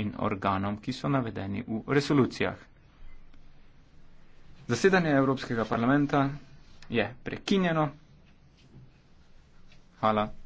in organom, ki so navedeni v resolucijah. Zasedanje Evropskega parlamenta je prekinjeno. Hvala.